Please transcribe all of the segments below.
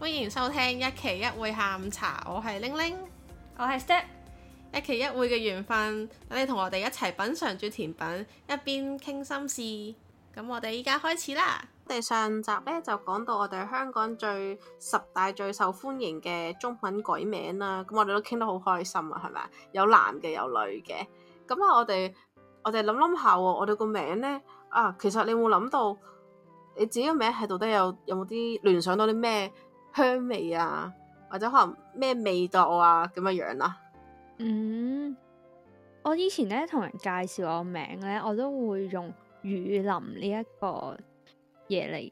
歡迎收聽一期一會下午茶，我係玲玲，我係 Step，一期一會嘅緣分，等你同我哋一齊品嘗住甜品，一邊傾心事，咁我哋依家開始啦。我哋上集咧，就講到我哋香港最十大最受歡迎嘅中文改名啦，咁我哋都傾得好開心啊，係咪？有男嘅，有女嘅，咁咧，我哋我哋諗諗下喎，我哋個名咧啊，其實你有冇諗到你自己個名喺度底有有冇啲聯想到啲咩香味啊，或者可能咩味道啊咁嘅樣啊。嗯，我以前咧，同人介紹我名咧，我都會用雨林呢一個夜嚟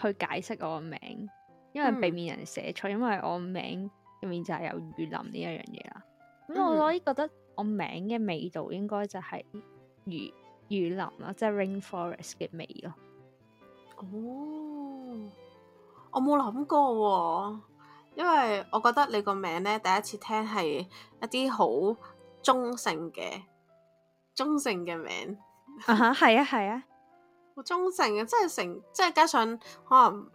去解釋我個名，因為避免人寫錯，嗯、因為我名入面就係有雨林呢一樣嘢啦。咁、嗯、我所以覺得我名嘅味道應該就係雨雨林啦，即係 Rainforest 嘅味咯。哦，我冇諗過喎，哦，因為我覺得你個名咧第一次聽係一啲好中性嘅中性嘅名。啊哈、 uh，係、huh，啊，係啊。好忠誠嘅，即係成即係加上可能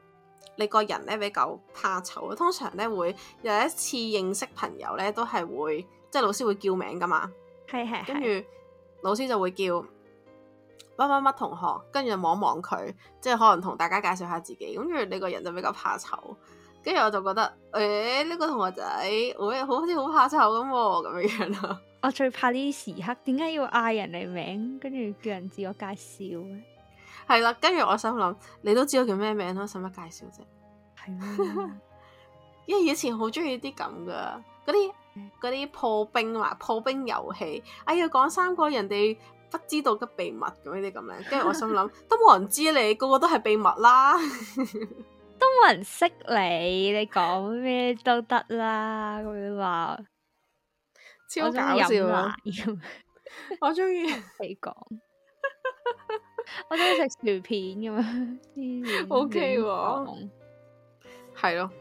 你個人咧比較怕醜，通常咧會有一次認識朋友咧都係會即係老師會叫名噶嘛，係，係跟住老師就會叫乜乜乜同學，跟住就望望佢，即係可能同大家介紹下自己，跟住你個人就比較怕醜，跟住我就覺得誒呢、欸呢個同學仔，會、欸、好似好怕醜咁喎，咁樣樣啦。我最怕呢啲時刻，點解要嗌人哋名，跟住叫人自我介紹咧？係啦，跟住我心諗，你都知道叫咩名咯，使乜介紹啫？係咯、啊， 因為以前好中意啲咁噶，嗰啲啲破冰啊，破冰遊戲，哎呀，講三個人哋不知道嘅秘密咁呢啲咁樣，跟住我心諗， 都冇人知你，個個都係秘密啦，都冇人識你，你講咩都得啦，咁樣話超搞笑，我中意你講說。 我中意食薯片咁樣，O K 喎，係咯。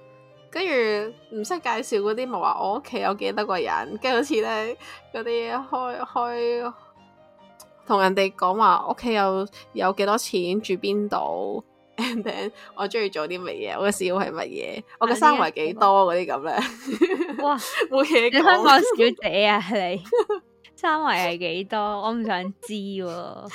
跟住唔識介紹嗰啲，咪話我屋企有幾多個人。跟住好似咧嗰啲開開，同人哋講話屋企有有幾多錢，住邊度，我中意做啲乜嘢，我嘅 C U 係乜嘢，啊、我嘅三圍幾多嗰啲咁咧。樣 哇，冇嘢香港小姐啊，你 三圍係幾多？我唔想知。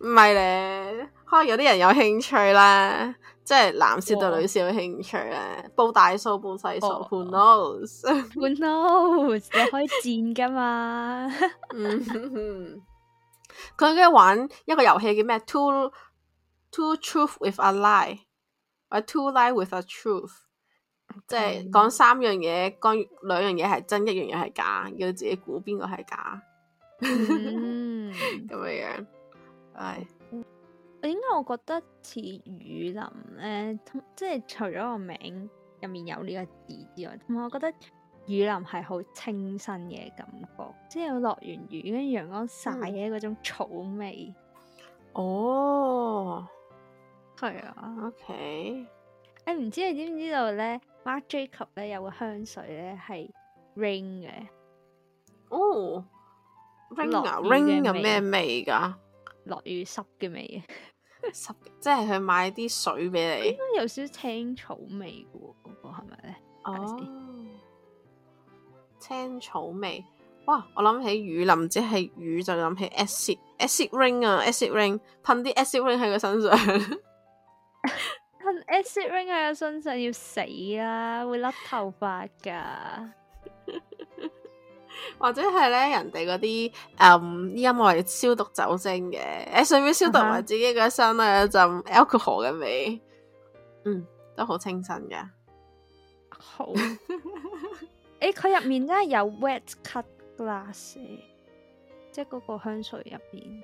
唔係咧，可能有啲人有興趣啦，即係男士對女士有興趣咧，報大數報細數，Who knows？Who knows？你可以賤噶嘛？嗯，佢應該玩一個遊戲叫咩？Two two truth with a lie，或 two lie with a truth，即係講三樣嘢，講兩樣嘢係真，一樣嘢係假，要自己估邊個係假，咁嘅樣。係，點解 Bye. 我覺得似雨林咧，即係除咗個名入面有呢個字之外，同埋我覺得雨林係好清新嘅感覺，即係有落完雨跟陽光曬嘅嗰種草味。哦、嗯，係、oh. 啊的，OK。誒，唔知你知唔知道咧？Marc Jacobs 咧有個香水咧係 Ring 嘅，哦、oh.，Ring、啊、有咩味噶？嗯落雨濕嘅味啊，濕 即係佢買啲水俾你。應該有少青草味嘅喎，嗰、那個係咪咧？哦，oh, 青草味。哇，我諗起雨林即係雨，就諗起 acid ring 啊 acid ring 噴啲 acid ring 喺佢身上。噴 acid ring 喺佢身上要死啦，會甩頭髮噶。或者係咧，人哋嗰啲嗯，音樂消毒酒精嘅。誒、欸，順便消毒埋自己個身啦，一陣 alcohol 嘅味，嗯，都好清新噶好，誒、 欸，佢入面真係有 wet cut glass，即係嗰個香水入面，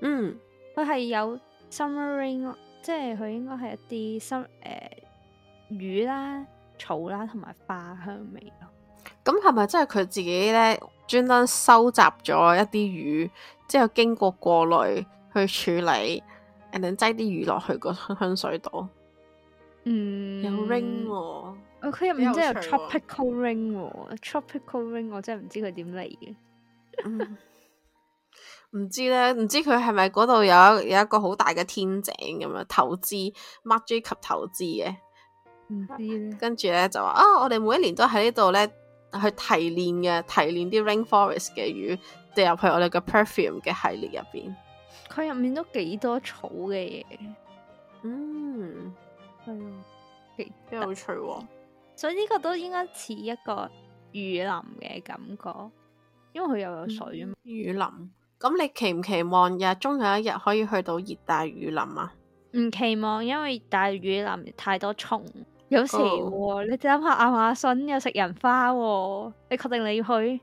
嗯，佢係有 summer rain，即係佢應該係一啲森誒，雨啦、草啦同埋花香味。咁係咪真係佢自己咧專登收集咗一啲魚，之後經過過濾去處理，人哋擠啲魚落去個香水島。嗯，有 ring、啊、哦，佢入面真係有 tropical ring，tropical、啊啊啊、ring 我真係唔知佢點嚟嘅。唔、嗯、 知咧，唔知佢係咪嗰度有有一個好大嘅天井咁樣投資，孖 J 及投資嘅。唔知呢、啊、跟住咧就話啊，我哋每一年都喺呢度咧。去提煉嘅，提煉啲 rainforest 嘅雨掉入去我哋嘅 perfume 嘅系列入邊。佢入面都幾多草嘅嘢，嗯，係啊、嗯，幾幾有趣。所以呢個都應該似一個雨林嘅感覺，因為佢又有水啊嘛、嗯。雨林，咁你期唔期望日終有一日可以去到熱帶雨林啊？唔期望，因為熱帶雨林太多蟲。有時、哦 oh. 你諗下亞馬遜有食人花、哦，你確定你要去？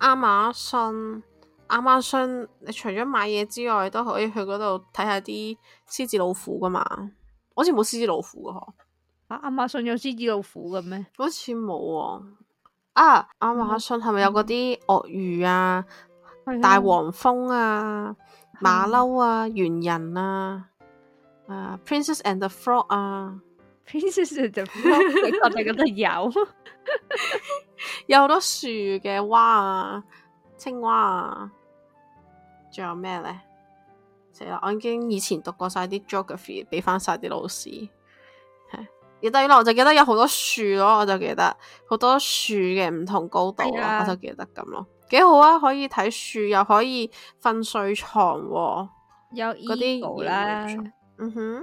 亞馬遜，亞馬遜你除咗買嘢之外，都可以去嗰度睇下啲獅子老虎噶嘛？好似冇獅子老虎噶嗬、啊啊？啊，亞馬遜有獅子老虎嘅咩？好似冇啊！亞馬遜係咪有嗰啲鱷魚啊、嗯、大黃蜂啊、馬騮、嗯、啊、猿人啊、嗯、啊 Princess and the Frog 啊？我就記得有，有好多樹嘅蛙啊，青蛙啊，仲有咩咧？死啦！我已經以前讀過晒啲 Geography，俾翻晒啲老師。係熱帶雨林，我就記得有好多樹咯，我就記得好多樹嘅唔同高度，的我就記得咁咯。幾好啊，可以睇樹，又可以瞓睡，睡床，有嗰、e、啲啦，嗯哼，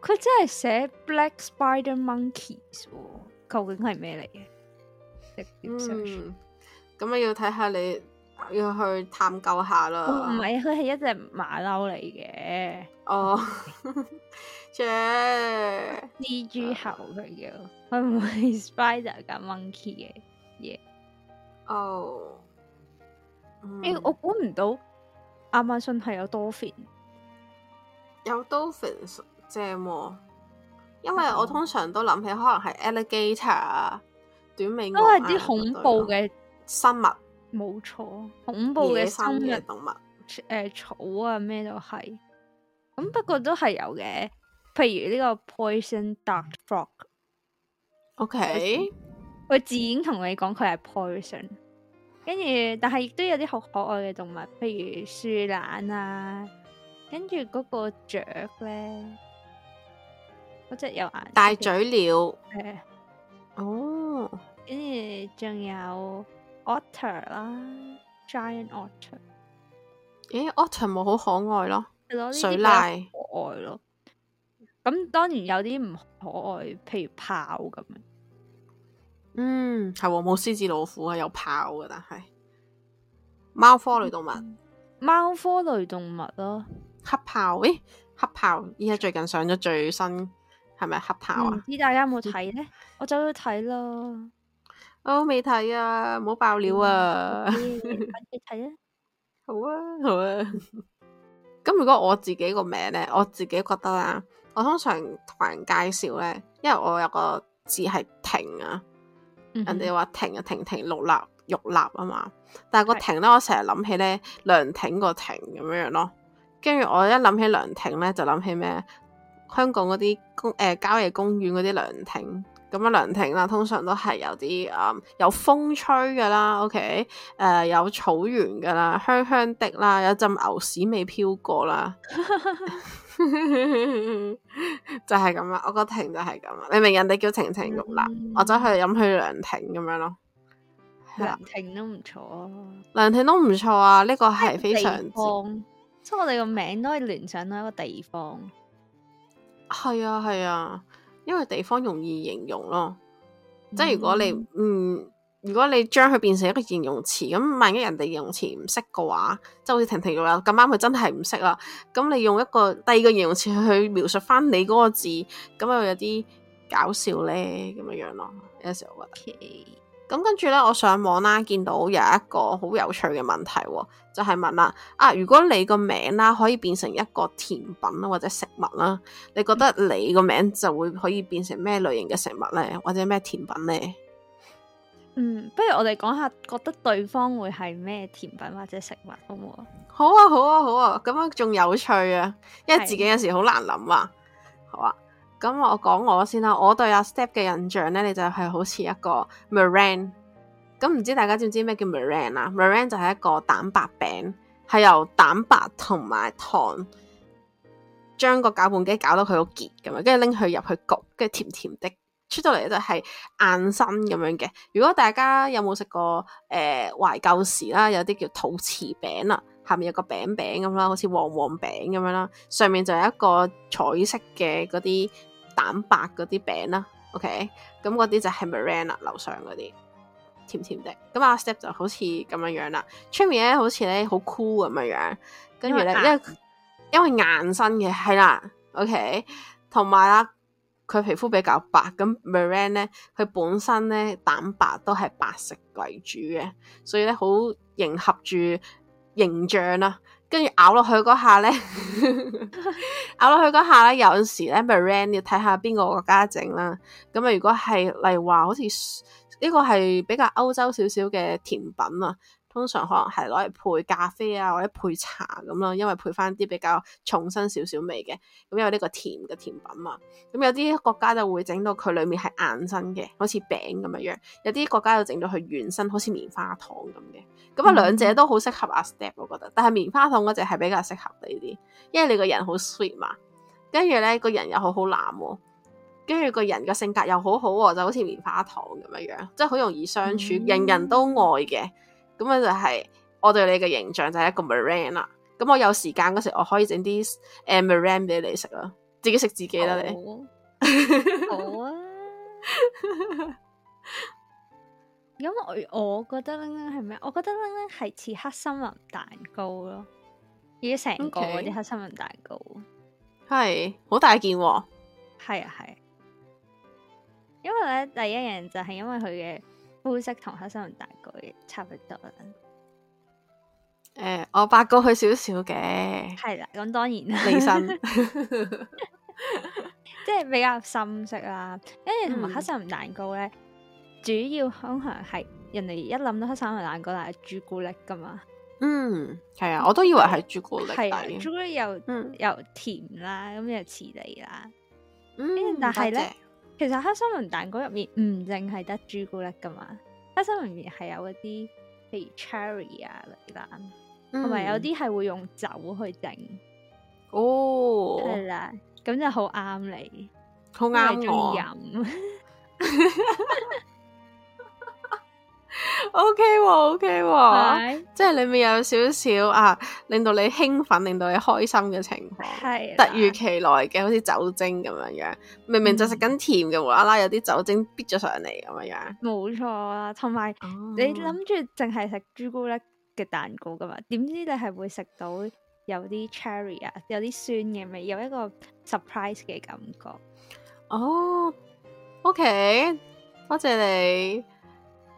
佢真係寫 Black Spider Monkeys，究竟係咩嚟嘅？嗯，咁啊要睇下你要去探究下啦。唔係，佢係一隻馬騮嚟嘅。哦，即蜘蛛猴嚟嘅，係、oh、 Yeah. 咪 Spider 加 Monkey 嘅嘢？哦，呢、yeah. oh. 嗯欸、我估唔到，亞馬遜係有 Dolphin，有 Dolphins。正係，哦、因為我通常都諗起可能係 alligator、啊、短吻、啊，鱷，都係啲恐怖嘅生物，冇錯，恐怖嘅生物生動物，誒、呃、草啊咩都係，咁不過都係有嘅，譬如呢個 poison dark frog，ok，Okay? 我,我自然同你講佢係 poison，跟住但係亦都有啲好可愛嘅動物，譬如樹懶啊，跟住嗰個雀咧。嗰隻有眼大嘴鳥，誒，哦，跟住仲有 otter 啦，giant otter，咦，otter 冇好可愛咯，水瀨可愛咯，咁泥當然有啲唔可愛，譬如豹咁樣，嗯，係，冇獅子老虎係有豹嘅，但係貓科類動物，嗯、貓科類動物咯，黑豹，誒，黑豹依家最近上咗最新。.係咪核桃啊？唔、嗯、知大家有冇睇呢？我走去睇咯。我未睇啊，冇爆料啊。你睇啊，好啊，好啊。咁 如果我自己個名呢，我自己覺得啦，我通常同人介紹呢，因為我有個字係亭啊。人哋話亭啊，亭亭玉立，玉立啊嘛。但係個亭呢，是我成日諗起呢涼亭個亭咁樣樣咯。跟住我一諗起涼亭呢，就諗起咩？香港嗰啲公誒郊野公園嗰啲涼亭，咁啊涼亭啦，通常都係有啲嗯有風吹嘅啦，OK 誒、呃、有草原嘅啦，香香的啦，有陣牛屎味飄過啦， 就係咁啦，我覺得亭就係咁啦，你明，人哋叫亭亭玉立，我走去飲去涼亭咁樣咯，涼亭都唔錯啊，涼亭都唔錯啊，呢、這個係非常之，即係我哋個名都可以聯想到一個地方。係啊係啊，因為地方容易形容咯，嗯、即係如果你唔、嗯、如果你將佢變成一個形容詞，咁萬一人哋形容詞唔識嘅話，即係好似婷婷咁啱佢真係唔識啦，咁你用一個第二個形容詞去描述翻你嗰個字，咁咪有啲搞笑咧，咁樣樣咯，有、這個、時候我覺得。Okay. 咁跟住咧，我上網啦，見到有一個好有趣嘅問題喎，就係問啦：啊，如果你個名啦可以變成一個甜品或者食物啦，你覺得你個名就會可以變成咩類型嘅食物呢？或者咩甜品呢？嗯，不如我哋講下覺得對方會係咩甜品或者食物好唔好？好啊，好啊，好啊！咁樣仲有趣啊，因為自己有時好難諗啊，好啊。咁我講我先啦，我對阿 Step 嘅印象咧，你就係、是、好似一個 Meringue，咁唔知大家知唔知咩叫 Meringue 啊？Meringue 就係一個蛋白餅，係由蛋白同埋糖將個攪拌機攪到佢好結咁啊，跟住拎佢入去焗，跟住甜甜的出到嚟咧就係硬身咁樣嘅。如果大家有冇食過誒、呃、懷舊時啦，有啲叫土瓷餅啦。下面有個餅餅咁啦，好似黃黃餅咁樣啦。上面就有一個彩色嘅嗰啲蛋白嗰啲餅啦。OK，咁嗰啲就係 Marina 樓上嗰啲甜甜的。咁阿 Step 就好似咁樣樣啦。出面咧好似咧好 cool 咁樣樣，跟住咧因為因為硬身嘅係啦。OK，同埋啦佢皮膚比較白，咁 Marina 咧佢本身咧蛋白都係白色為主嘅，所以咧好迎合住形象啊，跟住咬落去嗰下咧， 咬落去嗰下咧，有陣時咧，咪 ran 要睇下邊個國家整啦。咁啊，如果係例如話，好似呢個係比較歐洲少少嘅甜品啊。通常可能係攞嚟配咖啡啊，或者配茶咁咯，因為配翻啲比較重身少少味嘅，咁有呢個甜嘅甜品嘛。咁、嗯、有啲國家就會整到佢裏面係硬身嘅，好似餅咁樣樣；有啲國家就整到佢軟身，好似棉花糖咁嘅。咁、嗯、啊，兩者都好適合阿 Step，我覺得。但係棉花糖嗰隻係比較適合你啲，因為你個人好 sweet 嘛，跟住咧個人又好好男，跟住個人嘅性格又好好、啊，就好似棉花糖咁樣樣，即係好容易相處，嗯、人人都愛嘅。咁啊，樣就係我對你嘅形象就係一個慕蘭啦。咁我有時間嗰時，我可以整啲誒慕蘭俾你食咯。自己食自己啦，你好我 我啊。因 為 我覺得咧係咩？我覺得咧係似黑森林蛋糕咯，而成個嗰啲黑森林蛋糕係好 Okay. 大件，啊。係啊係，啊。因為咧第一樣就係因為佢嘅。膚色同黑森林蛋糕差不多啦。誒、呃，我八過去少少嘅。係啦，咁當然。離神離心，即 係 比較深色啦。誒，同埋黑森林蛋糕咧，嗯、主要方向係人哋一諗到黑森林蛋糕，但係朱古力噶嘛。嗯，係啊，我都以為係朱古力。係朱古力又、嗯、又甜啦，咁又之類啦。嗯，但係咧。謝謝其實黑森林蛋糕入面唔淨係得朱古力㗎嘛，黑森林入面係有嗰啲，譬如 cherry 啊、榴蓮、嗯，同埋有啲係會用酒去整。哦，係啦，咁就好啱你，好啱你對 我。 O K 喎，O K 喎，okay, okay, Bye. 即係裏面有少少啊，令到你興奮，令到你開心嘅情況，係 Right. 突如其來嘅，好似酒精咁樣樣，明明就食緊甜嘅，嗯、無啦啦有啲酒精逼咗上嚟咁樣樣，冇錯啊，同埋、oh. 你諗住淨係食朱古力嘅蛋糕噶嘛，點知你係會食到有啲 cherry 啊，有啲酸嘅味，有一個 surprise 嘅感覺。哦，O K，多謝你。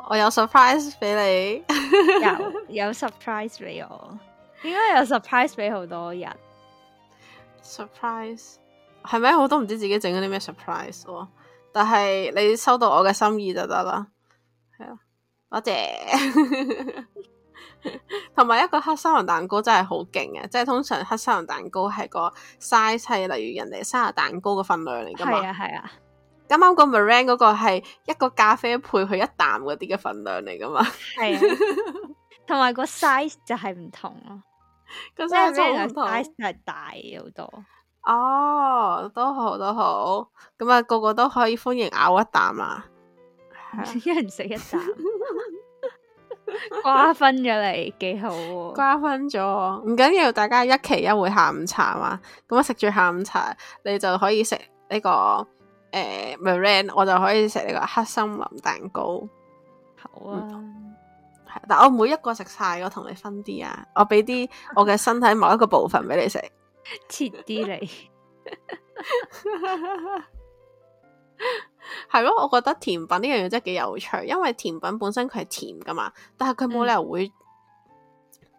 我有 surprise 俾你， 有有 surprise 俾我，點解有 surprise 俾好多人？surprise 係咪，我都唔知自己整咗啲咩 surprise 但係你收到我嘅心意就得啦，係啊，多謝，謝。同 埋一個黑森林蛋糕真係好勁嘅，即係通常黑森林蛋糕係個 size，係例如人哋生日蛋糕嘅份量嚟噶嘛？係啊，係啊。啱啱個 marron 嗰個係一個咖啡配佢一啖嗰啲嘅份量嚟噶嘛的？係，同埋個 size 就係唔同咯、啊。咩 size 係大好多。哦，都好都好，咁、那、啊個個都可以歡迎咬一啖啦、啊，人一人食一啖， 瓜分咗嚟幾好、啊。瓜分咗，唔緊要緊緊，大家一期一會下午茶嘛。咁啊食住下午茶，你就可以食呢、這個。誒，Maran，我就可以食呢、這個黑森林蛋糕。好啊，嗯、但係我每一個食晒，我同你分啲啊，我俾啲我嘅身體某一個部分俾你食，切啲嚟。係咯， 我覺得甜品呢樣嘢真係幾有趣，因為甜品本身佢係甜噶嘛，但係佢冇理由會。嗯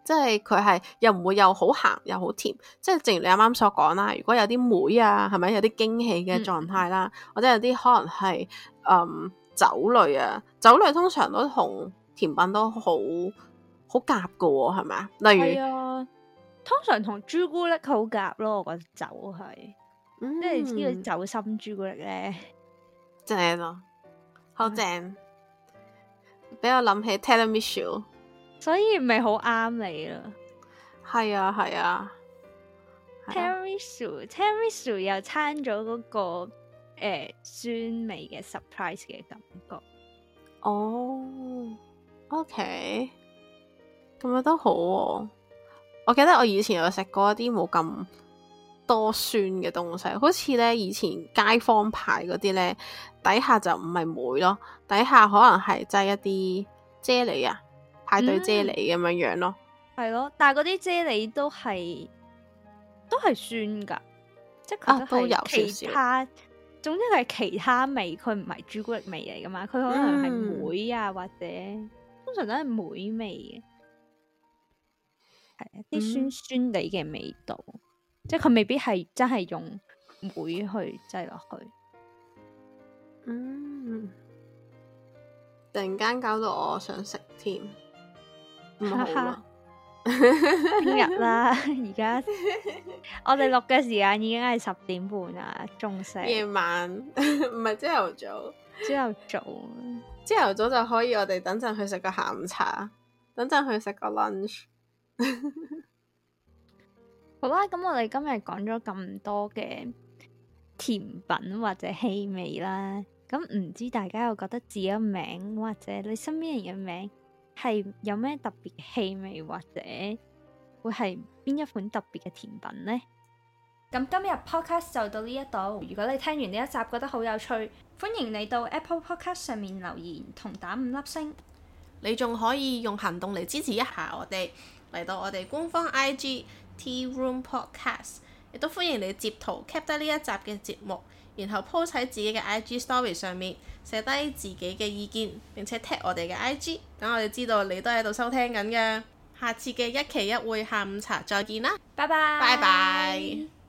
即係佢係又唔會又好鹹又好甜，即係正如你啱啱所講啦。如果有啲梅啊，係咪有啲驚喜嘅狀態啦？嗯、或者有啲可能係誒、嗯、酒類啊，酒類通常都同甜品都好好夾噶、哦，係咪啊？例如、啊、通常同朱古力好夾咯，我覺得酒係，嗯、即係呢個酒心朱古力咧，正咯、啊，好正，俾、嗯、我諗起 tiramisu。所以咪好啱你咯，係啊係啊。啊啊、Terry Sue，Terry Sue 又餐咗嗰個誒、呃、酸味嘅 surprise 嘅感覺哦。Oh, OK，咁樣都好、啊。我記得我以前有食過一啲冇咁多酸嘅東西，好似咧以前街坊牌嗰啲咧，底下就唔係梅咯，底下可能係擠一啲啫喱啊。派對啫喱咁樣樣咯，係、嗯、咯，但係嗰啲啫喱都係都係酸噶，即係佢都有少少其他，啊、總之佢係其他味，佢唔係朱古力味嚟噶嘛，佢可能係梅啊，嗯、或者通常都係梅味嘅，係一啲酸酸哋嘅味道，嗯、即係佢未必係真係用梅去擠落去嗯。嗯，突然間搞到我想食添。唔好聽日啦，而家 我哋錄嘅時間已經係十點半啊，中午夜晚唔係朝頭早，朝頭早上，朝頭早就可以，我哋等陣去食個下午茶，等陣去食個 lunch。 好啦，咁我哋今日講咗咁多嘅甜品或者氣味啦，咁唔知大家又覺得自己嘅名或者你身邊人嘅名，係有咩特別氣味，或者會係邊一款特別嘅甜品呢？咁今日 podcast 就到呢一度。如果你聽完呢一集覺得好有趣，歡迎你到 Apple Podcast 上面留言同打五粒星。你仲可以用行動嚟支持一下我哋，嚟到我哋官方 I G Tea Room Podcast，亦都歡迎你截圖 keep 得呢一集嘅節目。然後鋪喺自己嘅 IG Story 上面，寫低自己嘅意見，並且 tag 我哋嘅 IG，等我哋知道你都喺度收聽緊嘅。下次嘅一期一會下午茶再見啦，拜拜。拜拜。